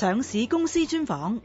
上市公司專訪。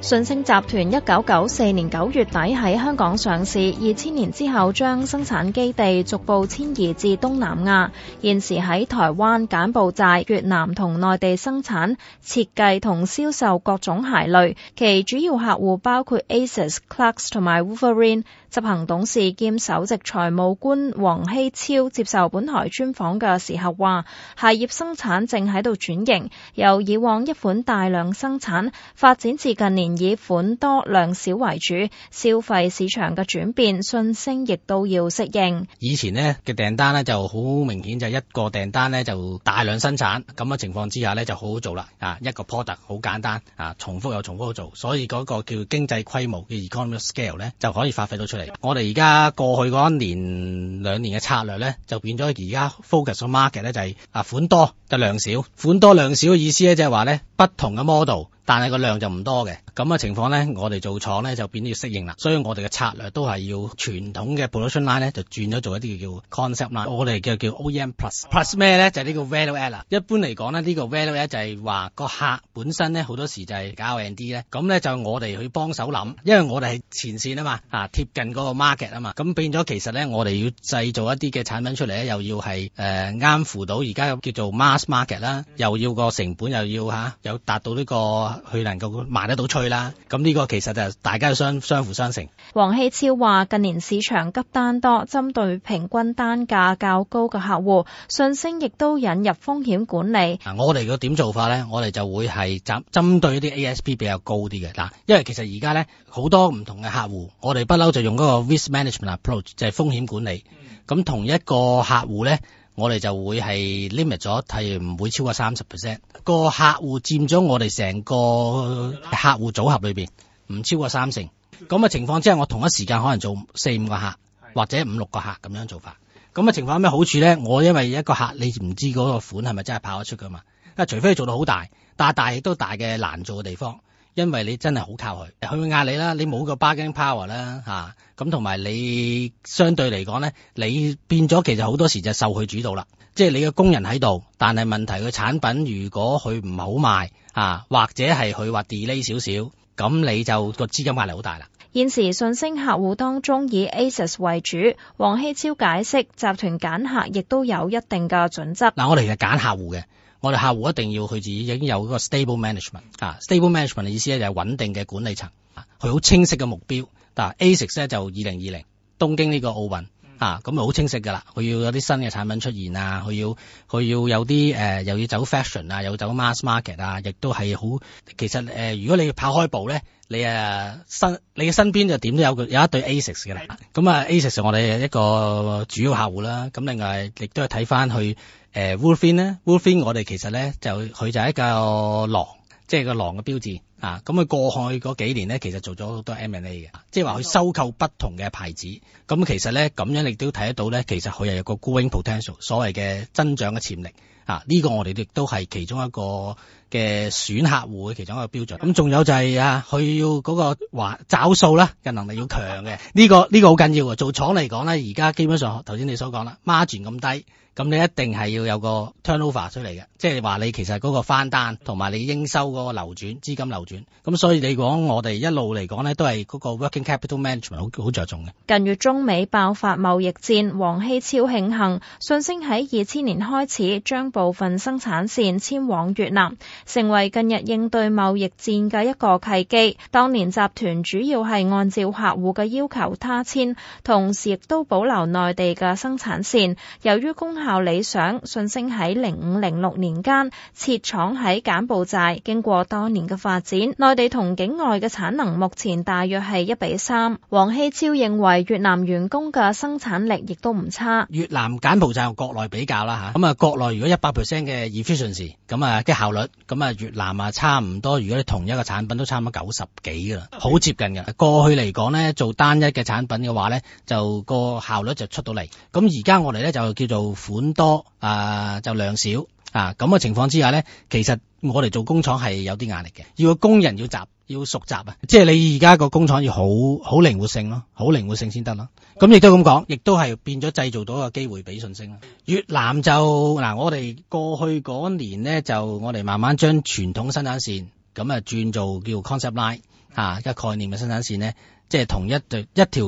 信星集團一九九四年九月底喺香港上市，二千年之後將生產基地逐步遷移至東南亞，現時喺台灣、柬埔寨、越南同內地生產、設計同銷售各種鞋類。其主要客戶包括 Asics、Clarks 同埋 Wolverine。執行董事兼首席財務官黃禧超接受本台專訪嘅時候話，鞋業生產正喺度轉型，由以往一款大量生產，發展至近年以款多量少為主，消費市場嘅轉變，信星亦都要適應。以前咧嘅訂單咧就好明顯就一個訂單咧就大量生產，咁嘅情況之下咧就好好做啦，啊一個 product 好簡單啊，重複又重複好做，所以嗰個叫經濟規模嘅 economic scale 咧就可以發揮到出嚟。我哋而家過去嗰一年兩年嘅策略咧，就變咗而家 focus on market 咧，就係啊款多就量少，款多量少嘅意思咧，就係話咧不同嘅 model。但係個量就唔多嘅，咁嘅情況咧，我哋做廠咧就變咗要適應啦。所以我哋嘅策略都係要傳統嘅 production line 咧，就轉咗做一啲叫 concept line 我叫。我哋叫叫 OEM plus plus 咩咧？就係呢個 value add 啦。一般嚟講咧，呢個 value add 就係話個客本身咧好多時就係搞 O and D 咧，咁咧就我哋去幫手諗，因為我哋係前線啊嘛，貼、啊、近個 market 啊嘛，咁變咗其實咧我哋要製造一啲嘅產品出嚟咧，又要係啱符到而家叫做 mass market 啦，又要個成本又要嚇有達到呢個。佢能夠賣得到，催啦。咁呢個其實就是大家都相相輔相成。黃希超話：近年市場急單多，針對平均單價較高嘅客戶，信星亦都引入風險管理。嗱，我哋嘅點做法咧，我哋就會係針針對啲 ASP 比較高啲嘅嗱，因為其實而家咧好多唔同嘅客戶，我哋不嬲就用嗰個 risk management approach，就係風險管理。咁同一個客戶咧。我哋就會係 limit 咗，係唔會超過三十 percent。個客戶佔咗我哋成個客戶組合裏邊，唔超過三成。咁嘅情況即係我同一時間可能做四五個客，或者五六個客咁樣做法。咁嘅情況有咩好處咧？我因為一個客你唔知嗰個款係咪真係跑得出噶嘛？啊，除非做到好大，但係大亦都大嘅難做嘅地方。因為你真係好靠佢，佢會壓你啦，你冇個 bargaining power 啦，吓，咁同埋你相對嚟講咧，你變咗其實好多時就受佢主導啦，即係你嘅工人喺度，但係問題佢產品如果佢唔好賣啊，或者係佢話 delay 少少，咁你就個資金壓力好大啦。現時信星客戶當中以 Asics 為主，黃禧超解釋集團揀客亦都有一定嘅準則。嗱，我哋其實揀客戶嘅。我哋客戶一定要佢自己已經有嗰個 stable management 啊，stable management 嘅意思咧就係穩定嘅管理層啊，佢好清晰嘅目標。嗱、啊、，Asics 咧就二零二零東京呢個奧運啊，咁啊好清晰噶啦，佢要有啲新嘅產品出現啊，佢要佢要有啲誒、呃、又要走 fashion 啊，又要走 mass market 啊，亦都係好其實、呃、如果你要跑開步咧，你誒、啊、身你嘅身邊就點都有個有一對 Asics 嘅啦。咁、嗯、啊，Asics 我哋一個主要客戶啦，咁另外亦都係睇翻去。誒，Wolverine 咧 Wolverine 我哋其實咧就佢就係一個狼，即、就、係、是、個狼嘅標誌啊！咁佢過去嗰幾年咧，其實做咗好多 M&A 嘅、啊，即係話佢收購不同嘅牌子。咁其實咧，咁樣你都睇得到咧，其實佢又有個 growing potential，所謂嘅增長嘅潛力啊！呢、這個我哋亦都係其中一個嘅選客戶嘅其中一個標準。咁、啊、仲有就係啊，佢要嗰、那個話、啊、找數啦嘅能力要強嘅，呢個呢個好緊要啊！這個這個、要做廠嚟講咧，而家基本上頭先你所講啦，margin 咁低。咁你一定係要有個 turnover 出嚟嘅，即係話你其實嗰個翻單同埋你應收嗰個流轉資金流轉，咁所以你講我哋一路嚟講呢，都係嗰個 working capital management 好好著重嘅。近月中美爆發貿易戰，黃禧超慶幸，信星喺二千年開始將部分生產線遷往越南，成為近日應對貿易戰嘅一個契機。當年集團主要係按照客戶嘅要求他遷，同時亦都保留內地嘅生產線。由於供應效理想信星喺零五零六年間設廠喺柬埔寨，經過多年嘅發展，內地同境外嘅產能目前大約係一比三。黃禧超認為越南員工嘅生產力亦都唔差。越南柬埔寨國內比較啦吓，咁啊，國內如果一百 percent 嘅 efficiency 咁啊嘅效率咁啊，越南啊差唔多，如果你同一個產品都差唔多九十幾噶啦，好接近嘅。過去嚟講呢，做單一嘅產品嘅話呢，就個效率就出到嚟。咁而家我哋咧就叫做。本多啊、呃、就量少啊咁嘅情況之下咧，其實我哋做工廠係有啲壓力嘅，要工人要集要熟集啊，即係你而家個工廠要好好靈活性咯，好靈活性先得咯。咁、啊、亦都咁講，亦都係變咗製造到一個機會俾信星咯。越南就嗱、啊，我哋過去嗰年呢，就我哋慢慢將傳統生產線咁啊轉做叫 concept line 啊，啊，一個概念嘅生產線呢。即係同一對一條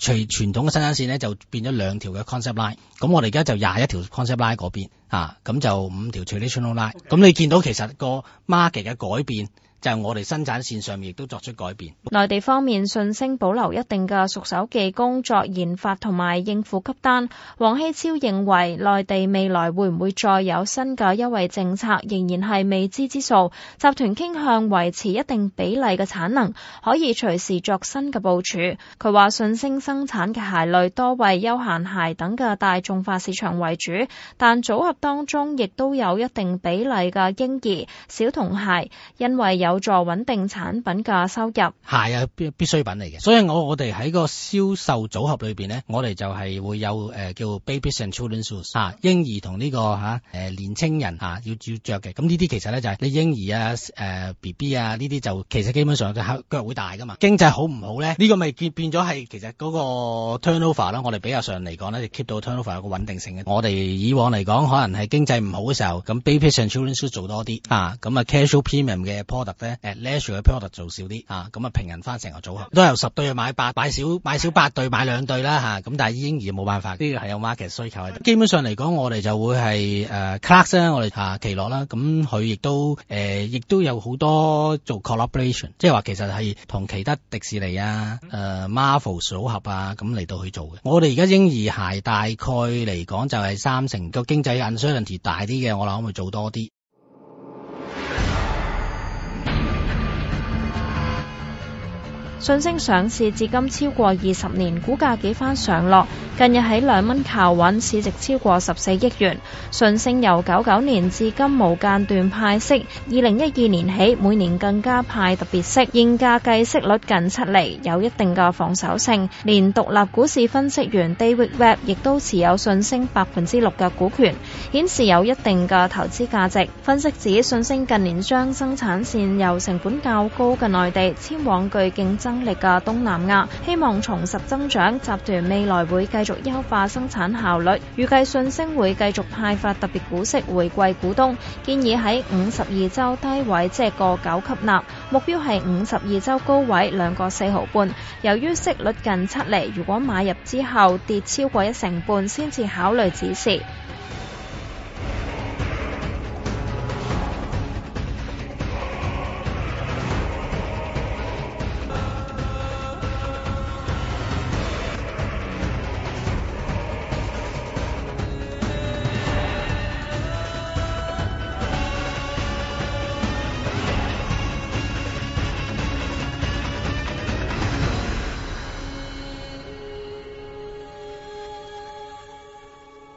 除傳統嘅生產線咧，就變咗兩條嘅 concept line。咁我哋而家就廿一條 concept line 嗰邊啊，咁就五條除嘅 channel line。咁 Okay. 你見到其實個 market 嘅改變。就係我哋生產線上亦都作出改變。內地方面，信星保留一定嘅熟手技工作、研發同埋應付給單。黃禧超認為，內地未來會唔會再有新嘅優惠政策，仍然係未知之數。集團傾向維持一定比例嘅產能，可以隨時作新嘅部署。佢話，信星生產嘅鞋類多為休閒鞋等嘅大眾化市場為主，但組合當中亦都有一定比例嘅嬰兒、小童鞋，因為有。有助穩定產品嘅收入，係啊，必必需品嚟嘅。所以我我哋喺個銷售組合裏面咧，我哋就係會有誒、呃、叫 babies and children's shoes 啊，嬰兒同呢、這個、啊、年青人啊要要著嘅。咁呢啲其實咧就係、是、你嬰兒啊、呃、bb 啊呢啲就其實基本上腳會大噶嘛。經濟好唔好咧？呢、這個咪變咗係其實嗰個 turnover 啦。我哋比較上嚟講咧，就 keep 到 turnover 有個穩定性嘅。我哋以往嚟講，可能係經濟唔好嘅時候，咁 babies and children's shoes 做多啲啊，咁啊 casual premium 嘅 product。At leisure 嘅 product 做少啲啊，咁啊平人翻成個組合都由十對去買八，買少買少八對買兩對啦嚇，咁、啊、但係嬰兒冇辦法，呢個係有 market 需求喺度。基本上嚟講，我哋就會係誒 Clarks 啦，呃、Clarks，我哋嚇奇樂啦，咁佢亦都誒亦、呃、都有好多做 collaboration，即係話其實係同其他迪士尼啊、誒、呃、Marvel 組合啊咁嚟到去做嘅。我哋而家嬰兒鞋大概嚟講就係三成，個經濟 uncertainty 大啲嘅，我諗可唔可以做多啲。信星上市至今超過二十年，股價幾番上落，近日喺兩蚊靠穩，市值超過十四億元。信星由九九年至今無間斷派息，二零一二年起每年更加派特別息，現價計息率近七厘，有一定嘅防守性。連獨立股市分析員 David Webb 亦都持有信星百分之六嘅股權，顯示有一定嘅投資價值。分析指信星近年將生產線由成本較高嘅內地遷往具競爭經嘅東南亞，希望重拾增長。集團未來會繼續優化生產效率，預計信星會繼續派發特別股息回饋股東。建議喺五十二周低位，即係個九吸納，目標係五十二周高位兩個四毫半。由於息率近七厘，如果買入之後跌超過一成半，先至考慮止蝕。